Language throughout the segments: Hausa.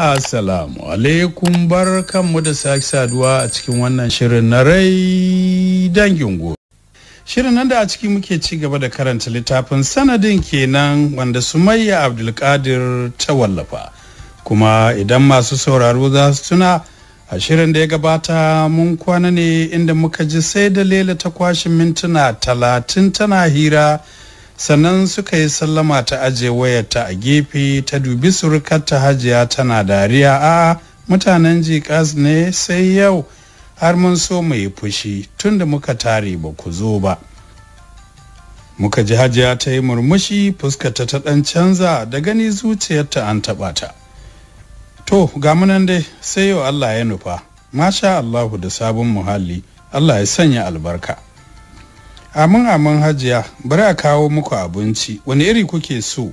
assalamu alaikum bar kanmu da sake saduwa a cikin wannan shirin na rai dangin go Shirin nan da a ciki muke ci gaba da karanta littafin sanadin kenan wanda Sumayya Abdulkadir ta wallafa. Kuma idan masu sauraro za su tuna a shirin da ya gabata mun kwana ne inda muka ji sai da lela ta kwashe mintuna talatin tana hira sannan suka yi sallama ta aje wayarta a gefe ta dubi surukarta hajiya tana dariya a mutanen jikas ne sai yau har mun so mu fushi tunda muka tare ba ku zo ba muka ji hajiya ta yi murmushi fuskarta ta ɗan canza da gani zuciyarta an taba ta to ga munan dai sai yau allah ya nufa masha allahu da sabon muhalli allah ya sanya albarka amin amin hajiya bari a kawo muku abinci wani iri kuke so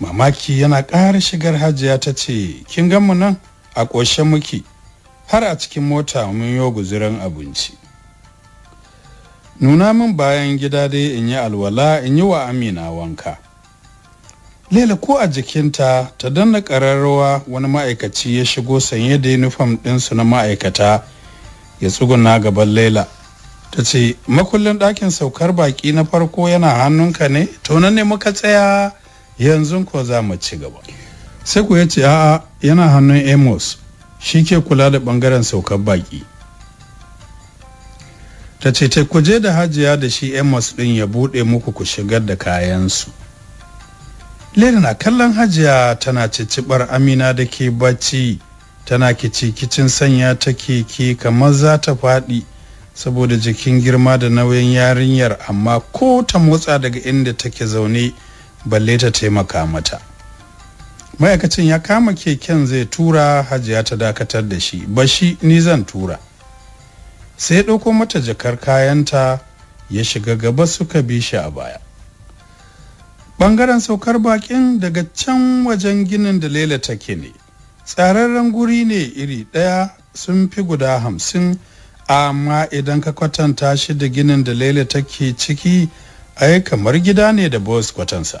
mamaki yana ƙara shigar hajiya ta ce kin gan mu nan a ƙoshe muke har a cikin mota mun yi guzuran abinci nuna min bayan gida dai in yi alwala in yi wa amina wanka lela ko a jikinta ta danna ƙararrawa wani ma'aikaci ya shigo sanye da yunifam ɗinsu na ma'aikata ya tsuguna gaban laila ta ce makullin ɗakin saukar baƙi na farko yana hannunka ne to nan ne muka tsaya yanzu ko za mu ci gaba sai ku ya ce a'a yana hannun amos shi ke kula da ɓangaren saukar baƙi ta ce ta kuje da hajiya da shi amos ɗin ya buɗe muku ku shigar da kayansu lena na kallon hajiya tana cicibar amina da ke bacci tana kici kicin sanya ta keke kamar za ta faɗi saboda jikin girma da nauyin yarinyar amma ko ta motsa daga inda take zaune balle ta taimaka mata ma'aikacin ya kama keken zai tura hajiya ta dakatar da shi ba shi ni zan tura sai ɗauko mata jakar kayanta ya shiga gaba suka bi shi a baya bangaren saukar bakin daga can wajen ginin da lela take ne tsararren guri ne iri ɗaya sun fi guda hamsin amma idan ka kwatanta shi da ginin da laila take ciki ai kamar gida ne da bos kwatansa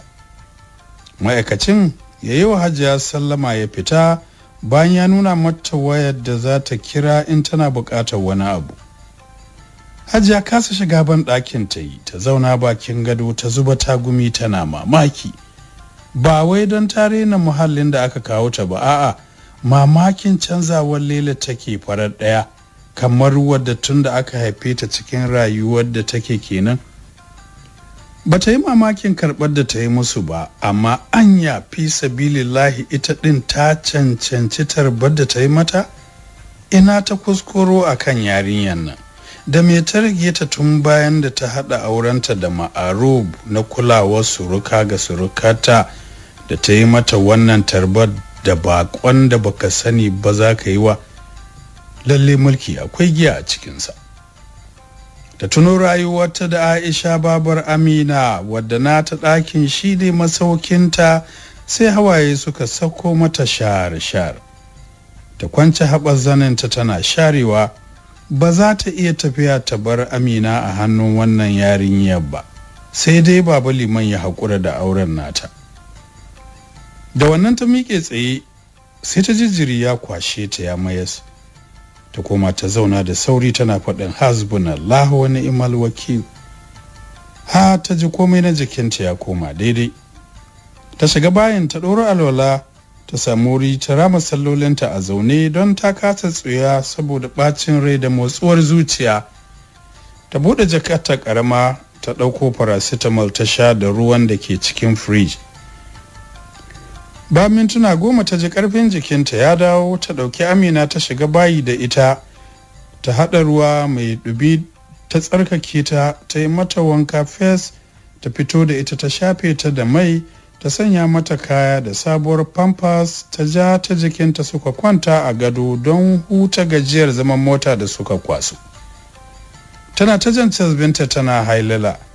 ma'aikacin ya yi wa hajiya sallama ya fita bayan ya nuna mata wayar da za ta kira in tana buƙatar wani abu hajiya kasa shiga ban ɗakin ta yi ta zauna bakin gado ta zuba tagumi tana mamaki ba wai don ta rena muhallin da aka kawo ta ba a'a mamakin canzawar Laila take farar ɗaya kamar wadda tun da aka haife ta cikin rayuwar da take kenan ba ta yi mamakin karɓar da ta yi musu ba amma anya fi sabilillahi ita ɗin ta cancanci tarbar da ta yi mata ina ta kuskuro a kan yarinyar nan da me ta rage ta tun bayan da ta haɗa aurenta da ma'arub na kulawar suruka ga surukata da ta yi mata wannan tarbar da baƙon da baka sani ba za ka yi wa lalle mulki akwai giya a cikinsa da tuno rayuwarta da aisha babar amina wadda na ta ɗakin shi ne masaukinta sai hawaye suka sako mata shar-shar ta kwanci haɓar zaninta tana sharewa ba za ta iya tafiya ta bar amina a hannun wannan yarinyar ba sai dai baba liman ya haƙura da auren nata da wannan ta miƙe tsaye sai ta jijiri ya kwashe ta ya mayas ta koma ta zauna da sauri tana faɗin Allah wa ni'mal wakil ha ta ji komai na jikinta ya koma daidai ta shiga bayan ta ɗoro alwala ta samu wuri ta rama sallolinta a zaune don ta kasa tsuya saboda ɓacin rai da motsuwar zuciya ta buɗe jakarta ƙarama ta ɗauko paracetamol ta sha da ruwan da ke cikin firij ba mintuna goma ta ji karfin jikinta ya dawo ta ɗauki amina ta shiga bayi da ita ta haɗa ruwa mai ɗubi ta tsarkake ta ta yi mata wanka fes ta fito da ita ta shafe ta da mai ta sanya mata kaya da sabuwar pampas ta ja ta jikinta suka kwanta a gado don huta gajiyar zaman mota da suka kwasu tana ta jan binta tana hailala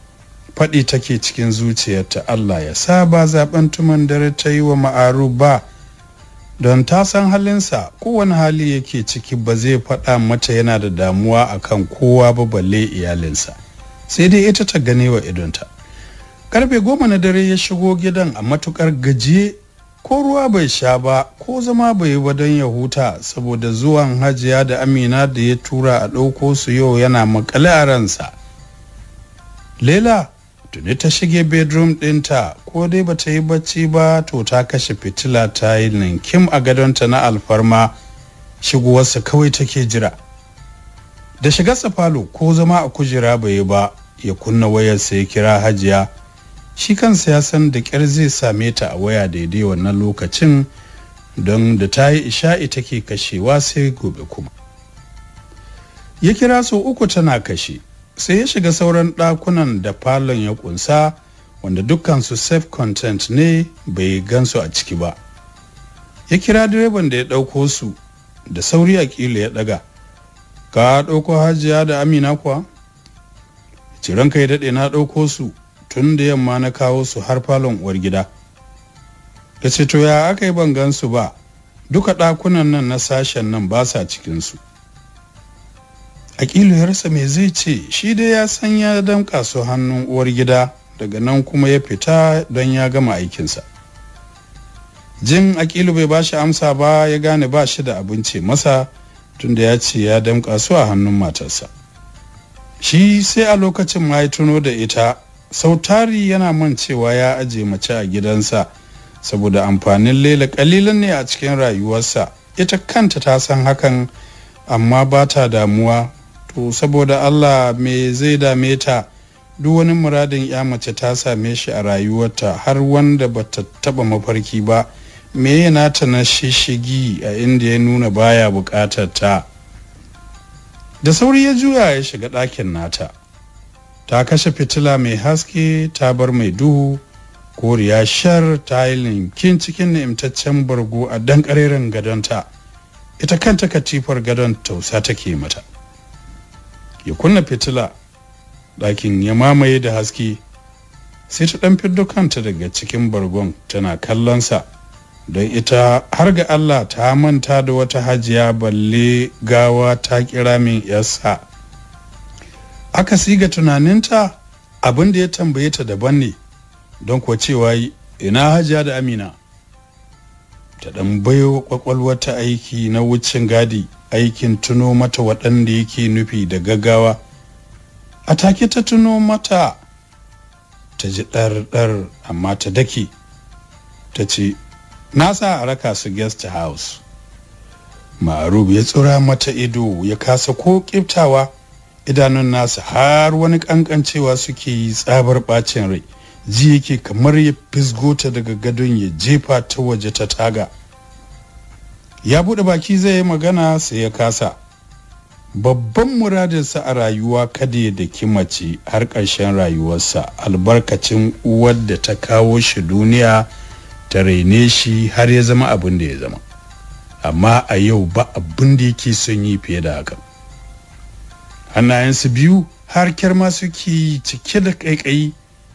faɗi take cikin zuciyarta Allah ya sa ba zaben tuman dare ta yi wa ma'aru ba don ta san halinsa kowane hali yake ciki ba zai faɗa mata yana da damuwa akan kowa ba balle iyalinsa sai dai ita ta gane wa idonta karfe goma na dare ya shigo gidan a matukar gajiye ko ruwa bai sha ba ko zama bai ba don ya huta saboda zuwan hajiya da amina da ya tura a ɗauko su yau yana makale a ransa lela tuni ta shige bedroom ɗinta ko dai bata yi bacci ba to ta kashe fitila ta yi ninkim a gadonta na alfarma shigowarsa kawai take jira da shigarsa falo ko zama a kujera bai yi ba ya kunna wayar sai ya kira hajiya shi kansa ya san da ƙyar zai same ta a waya daidai wannan lokacin don da ta yi isha'i take kashewa sai gobe kuma ya kira sau uku tana kashe sai ya shiga sauran ɗakunan da falon ya kunsa wanda dukkansu safe content ne bai gansu a ciki ba ya kira direban da ya ɗauko su da sauri a ƙila ya ɗaga ka ɗauko hajiya da amina kuwa ciran kai daɗe na ɗauko su tun da yamma na kawo su har falon uwar gida ya ce to ya aka yi ban gansu ba duka ɗakunan nan na sashen nan ba sa cikinsu Akilu ya rasa me zai ce shi dai ya san ya damƙa su hannun uwar gida daga nan kuma ya fita don ya gama aikinsa. Jin Akilu bai bashi amsa ba ya gane ba shi da abinci masa tunda ya ce ya damƙa su a hannun matarsa. Shi sai a lokacin ma ya tuno da ita sautari yana man cewa ya aje mace a gidansa saboda amfanin lela ƙalilan ne a cikin rayuwarsa ita kanta ta san hakan amma ba ta damuwa to saboda allah me zai dame ta duk wani muradin ya mace ta same shi a rayuwarta har wanda ba ta taba mafarki ba me nata na shishigi a inda ya nuna baya bukatar ta da sauri ya juya ya shiga ɗakin nata ta kashe fitila mai haske ta bar mai duhu koriya shar ta yi linkin cikin ni'imtaccen bargo a dan gadonta ita kanta katifar gadon tausa take mata ya kunna fitila ɗakin ya mamaye da haske sai ta ɗan fiddo kanta daga cikin bargon tana kallonsa don ita har ga Allah ta manta da wata hajiya balle gawa ta kira min yasa aka siga tunaninta abin da ya tambaye ta daban ne don kuwa cewa ina hajiya da amina ta ɗan baiwa ta aiki na wucin gadi aikin tuno mata waɗanda yake nufi da gaggawa a take ta tuno mata ta ji ɗar-ɗar amma ta dake ta ce na sa a raka su guest house ma'arub ya tsura mata ido ya kasa ko ƙiftawa idanun nasa har wani ƙanƙancewa suke yi tsabar ɓacin rai ji yake kamar ya fisgo daga gadon ya jefa ta waje ta taga ya bude baki zai yi magana sai ya kasa babban muradinsa a rayuwa kada ya daki mace har ƙarshen rayuwarsa albarkacin uwar da ta kawo shi duniya ta raine shi har ya zama abin da ya zama amma a yau ba abin da yake son yi fiye da haka hannayensu biyu har kyarma suke yi cike da ƙaiƙayi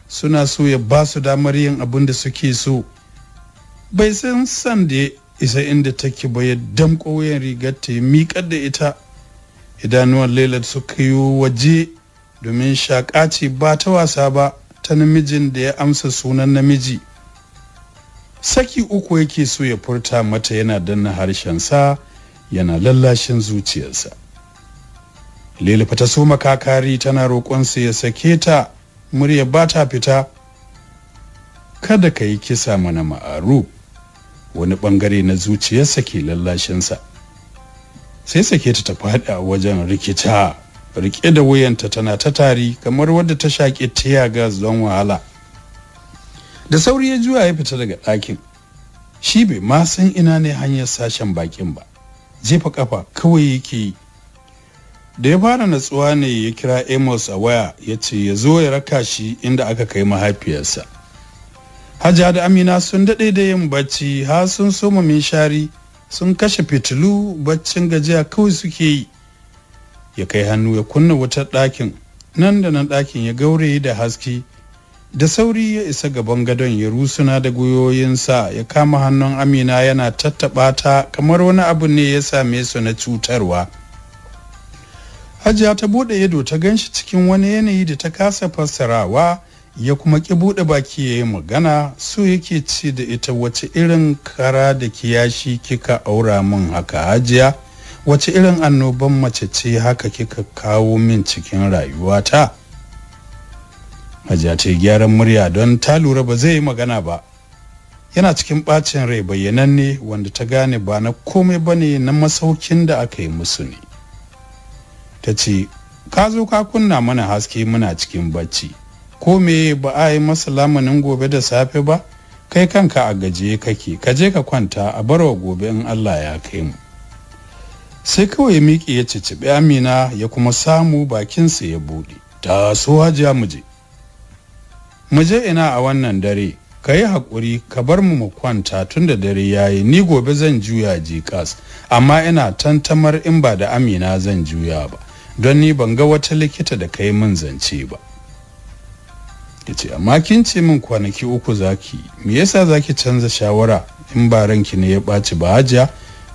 suna so ya ba su damar yin abin da suke so bai san san da isa inda take ba ya damƙo wuyan rigar ta ya miƙar da ita idanuwan lailat suka yi waje domin shaƙa ce ba ta wasa ba ta namijin da ya amsa sunan namiji saki uku yake so ya furta mata yana danna sa yana lallashin zuciyarsa lilifa ta so makakari tana roƙonsa ya sake ta murya ba ta fita kada ka yi kisa mana ma'aruf wani bangare na zuciyarsa ke lallashinsa sai sake ta faɗi a wajen rikita rike da wuyanta tana ta tari kamar wadda ta shaƙe tiya gas don wahala da sauri ya juya ya fita daga ɗakin shi bai ma san ina ne hanyar sashen bakin ba jefa kafa kawai yake yi da ya fara natsuwa ne ya kira amos a waya ya ce ya zo ya raka shi inda aka kai mahaifiyarsa hajiya da amina sun daɗe da yin bacci har sun soma shari sun kashe fitilu baccin gajiya kawai suke yi ya kai hannu ya kunna wutar ɗakin nan da nan ɗakin ya gaure da haske da sauri ya isa gaban gadon ya rusuna da gwiwoyinsa ya kama hannun amina yana tattaɓa ta kamar wani abu ne ya same su na cutarwa hajiya ta buɗe ido ta ganshi cikin wani yanayi da ta kasa fassarawa ya kuma ki buɗe baki ya yi magana so yake ci da ita wace irin kara da kiyashi kika aura min haka hajiya wace irin annoban mace ce haka kika kawo min cikin rayuwata hajiya ce gyaran murya don ta lura ba zai yi magana ba yana cikin bacin rai bayyananne wanda ta gane ba na komai ba ne na masaukin da aka yi musu ne ta ce ka zo ka kunna mana haske muna cikin bacci ko me ba a yi masa lamunin gobe da safe ba kai kanka a gaje kake ka je ka kwanta a barwa gobe in Allah ya kai mu sai kawai ya miƙe ya cicibi amina ya kuma samu bakinsa ya buɗe ta so hajiya muje muje ina a wannan dare ka yi haƙuri ka bar mu mu kwanta tun da dare yayi ni gobe zan juya jikas amma ina tantamar in ba da amina zan juya ba don ni ban ga wata likita da ka yi min zance ba ya ce amma kin ce min kwanaki uku zaki me yasa zaki canza shawara in ba ranki ne ya ɓaci ba hajiya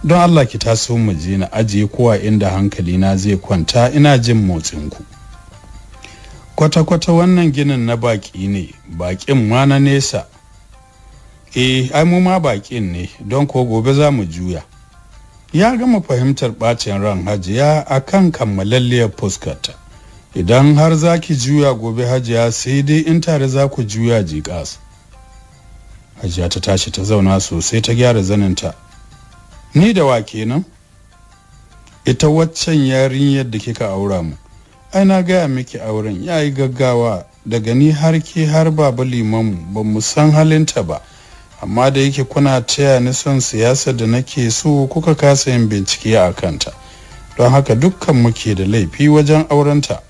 don allah ki taso mu je na ajiye kowa inda hankali na zai kwanta ina jin motsin ku kwata-kwata wannan ginin na baƙi ne baƙin ma na nesa eh ai mu ma baƙin ne don ko gobe za mu juya ya gama fahimtar ɓacin ran hajiya akan kammalalliyar fuskarta idan har za ki juya gobe hajiya sai dai in tare za ku juya jiƙas hajiya ta tashi ta zauna sosai ta gyara zaninta ni da wa kenan ita waccan yarin yadda kika aura mu ai na gaya miki auren ya yi gaggawa daga ni har ke har baba liman ba mu san halinta ba amma da yake kuna taya ni son siyasa da nake so kuka kasa yin bincike a kanta don haka dukkan muke da laifi wajen aurenta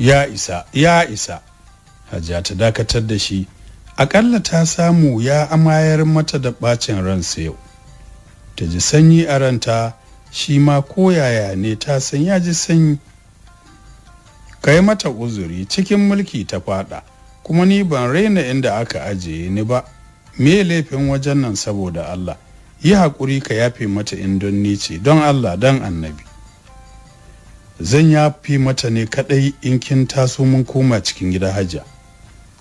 ya isa ya isa hajiya ta dakatar da shi akalla ta samu ya amayar mata da bacin ransa yau ta ji sanyi a ranta shi ma koyaya ne ta san ya ji sanyi kai mata uzuri cikin mulki ta fada kuma ni ban raina inda aka ajiye ni ba me laifin wajen nan saboda Allah yi haƙuri ka yafe mata in ce don Allah don annabi zan yafi mata ne kadai in kin taso mun koma cikin gida hajja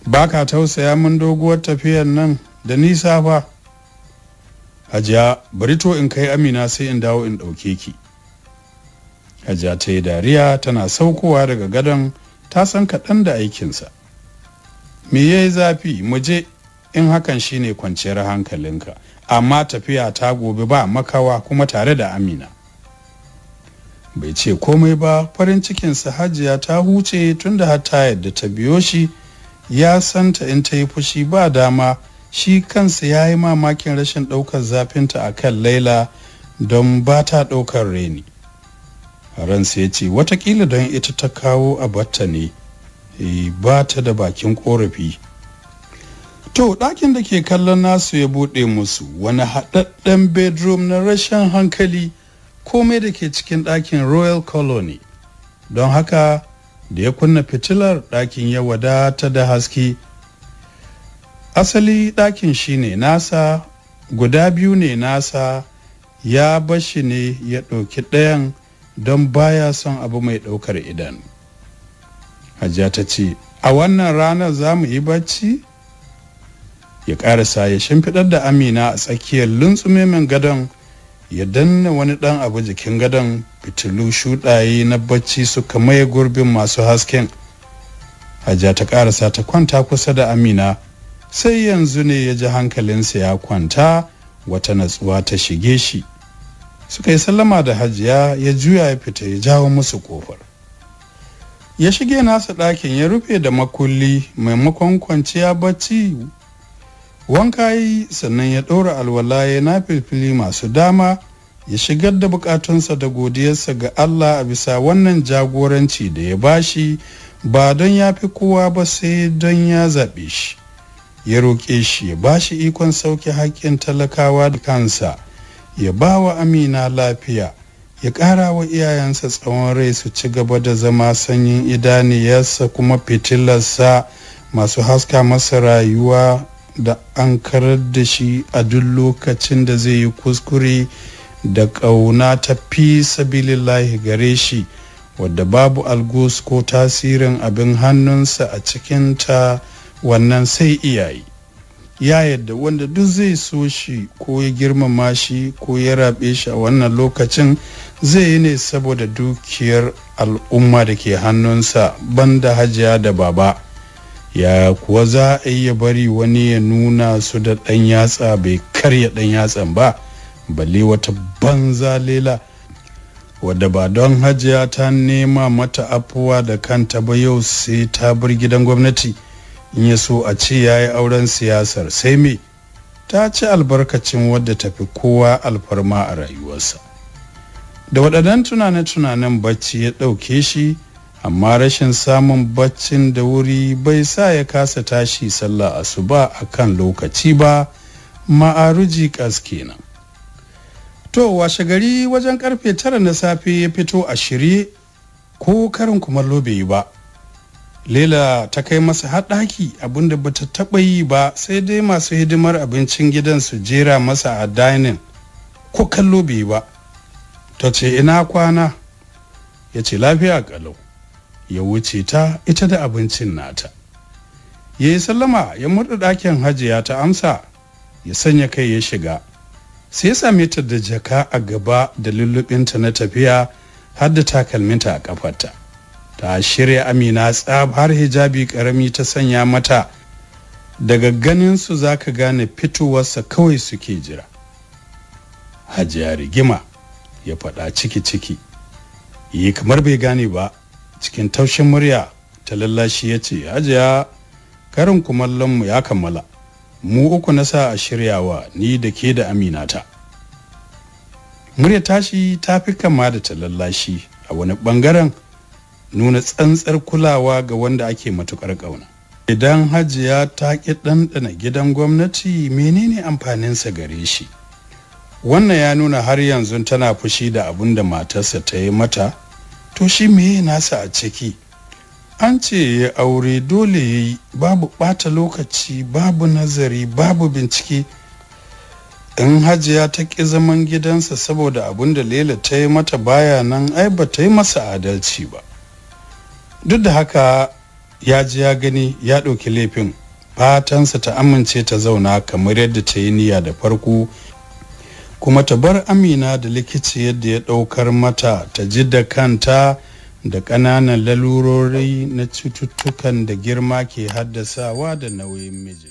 ba ka tausaya mun doguwar tafiyar nan da nisa ba hajja bari to in kai amina sai in dawo in ɗauke ki hajiya ta yi dariya tana saukowa daga gadon ta san kaɗan da aikinsa me ya zafi mu je in hakan shine kwanciyar hankalinka amma tafiya ta gobe ba makawa kuma tare da amina bai ce komai ba farin cikinsa hajiya ta huce tunda har ta yadda ta biyo shi ya santa in ta yi fushi ba dama shi kansa ya yi mamakin rashin ɗaukar zafinta a kan laila don ba ta ɗaukar reni ransa ya ce watakila don ita ta kawo a batta ne e, ba ta da bakin korafi to ɗakin da ke kallon nasu ya buɗe musu wani haɗaɗɗen bedroom na rashin hankali komai da ke cikin ɗakin royal colony don haka da ya kunna fitilar ɗakin ya wadata da haske asali ɗakin shi ne nasa guda biyu ne nasa ya bashi ne ya ɗauki ɗayan don baya son abu mai ɗaukar idan hajiya ta ce a wannan ranar za mu yi bacci ya ƙarasa ya shimfiɗar da amina a tsakiyar luntsumemin gadon ya danna wani dan abu jikin gadon fitilu shuɗaye na bacci suka maye gurbin masu hasken hajja ta karasa ta kwanta kusa da amina sai yanzu ne ya ji hankalinsa ya kwanta wata natsuwa ta shige shi suka yi sallama da hajiya ya juya ya fita ya jawo musu kofar ya shige nasa ɗakin ya rufe da makulli maimakon kwanciya bacci wanka yi sannan ya ɗora alwala ya na filfili masu dama ya shigar da bukatunsa da godiyarsa ga Allah a bisa wannan jagoranci da ya bashi ba don ya fi kowa ba sai don ya zaɓe shi ya roƙe shi ya ba shi ikon sauke haƙƙin talakawa da kansa ya ba wa amina lafiya ya ƙara wa iyayensa tsawon rai su ci gaba da zama sanyin idaniyarsa kuma fitilarsa masu haska masa rayuwa da an karar da shi a duk lokacin da zai yi kuskure da ƙauna ta fi sabilillahi gare shi wadda babu algus ko tasirin abin hannunsa a cikin ta wannan sai iyaye ya yadda wanda duk zai so shi ko ya girmama shi ko ya rabe shi a wannan lokacin zai yi ne saboda dukiyar al'umma da ke hannunsa banda hajiya da baba ya kuwa za a iya bari wani ya nuna su da ɗan yatsa bai karya ɗan yatsan ba balle wata banza lela wadda ba don hajiya ta nema mata afuwa da kanta ba yau sai ta bar gidan gwamnati in ya so a ce ya yi auren siyasar sai me ta ci albarkacin wadda tafi kowa alfarma a rayuwarsa da waɗannan tunane-tunanen bacci ya ɗauke shi amma rashin samun baccin da wuri bai sa ya kasa tashi sallah asuba a kan lokaci ba ma'aruji kas kenan to washe gari wajen karfe tara na safe ya fito a shirye ko karin kuma lobe yi ba lela ta kai masa haɗaki abinda ba ta taɓa yi ba sai dai masu hidimar abincin gidan su jera masa a dining ko kallo bai yi ba ta ce ina kwana ya ce lafiya ƙalau ya wuce ta ita da abincin nata ya yi sallama ya murda ɗakin hajiya ta amsa ya sanya kai ya shiga sai ya same ta da jaka a gaba da lullubinta na tafiya har da takalminta a kafarta ta shirya amina tsab har hijabi karami ta sanya mata daga ganin su zaka gane fitowarsa kawai suke jira hajiya rigima ya faɗa ciki-ciki yi kamar bai gane ba cikin taushin murya ta lallashi ya ce hajiya karin kumallonmu ya kammala mu uku na sa a shiryawa ni da ke da aminata murya tashi ta fi kama da ta lallashi a wani bangaren nuna tsantsar kulawa ga wanda ake matukar ƙauna idan hajiya ta ki ɗanɗana gidan gwamnati menene amfaninsa gare shi wannan ya nuna har yanzu tana fushi da abin da matarsa ta yi mata to shi meye nasa a ciki an ce ya aure dole ya yi babu ɓata lokaci babu nazari babu bincike in hajiya ta ƙi zaman gidansa saboda abun da lela ta yi mata baya nan ai ba ta yi masa adalci ba duk da haka ya ji ya gani ya ɗauki laifin fatansa ta amince ta zauna kamar yadda ta yi niyya da farko kuma ta bar amina da likici yadda ya ɗaukar mata ta ji da kanta da ƙananan lalurori na cututtukan da girma ke haddasawa da nauyin miji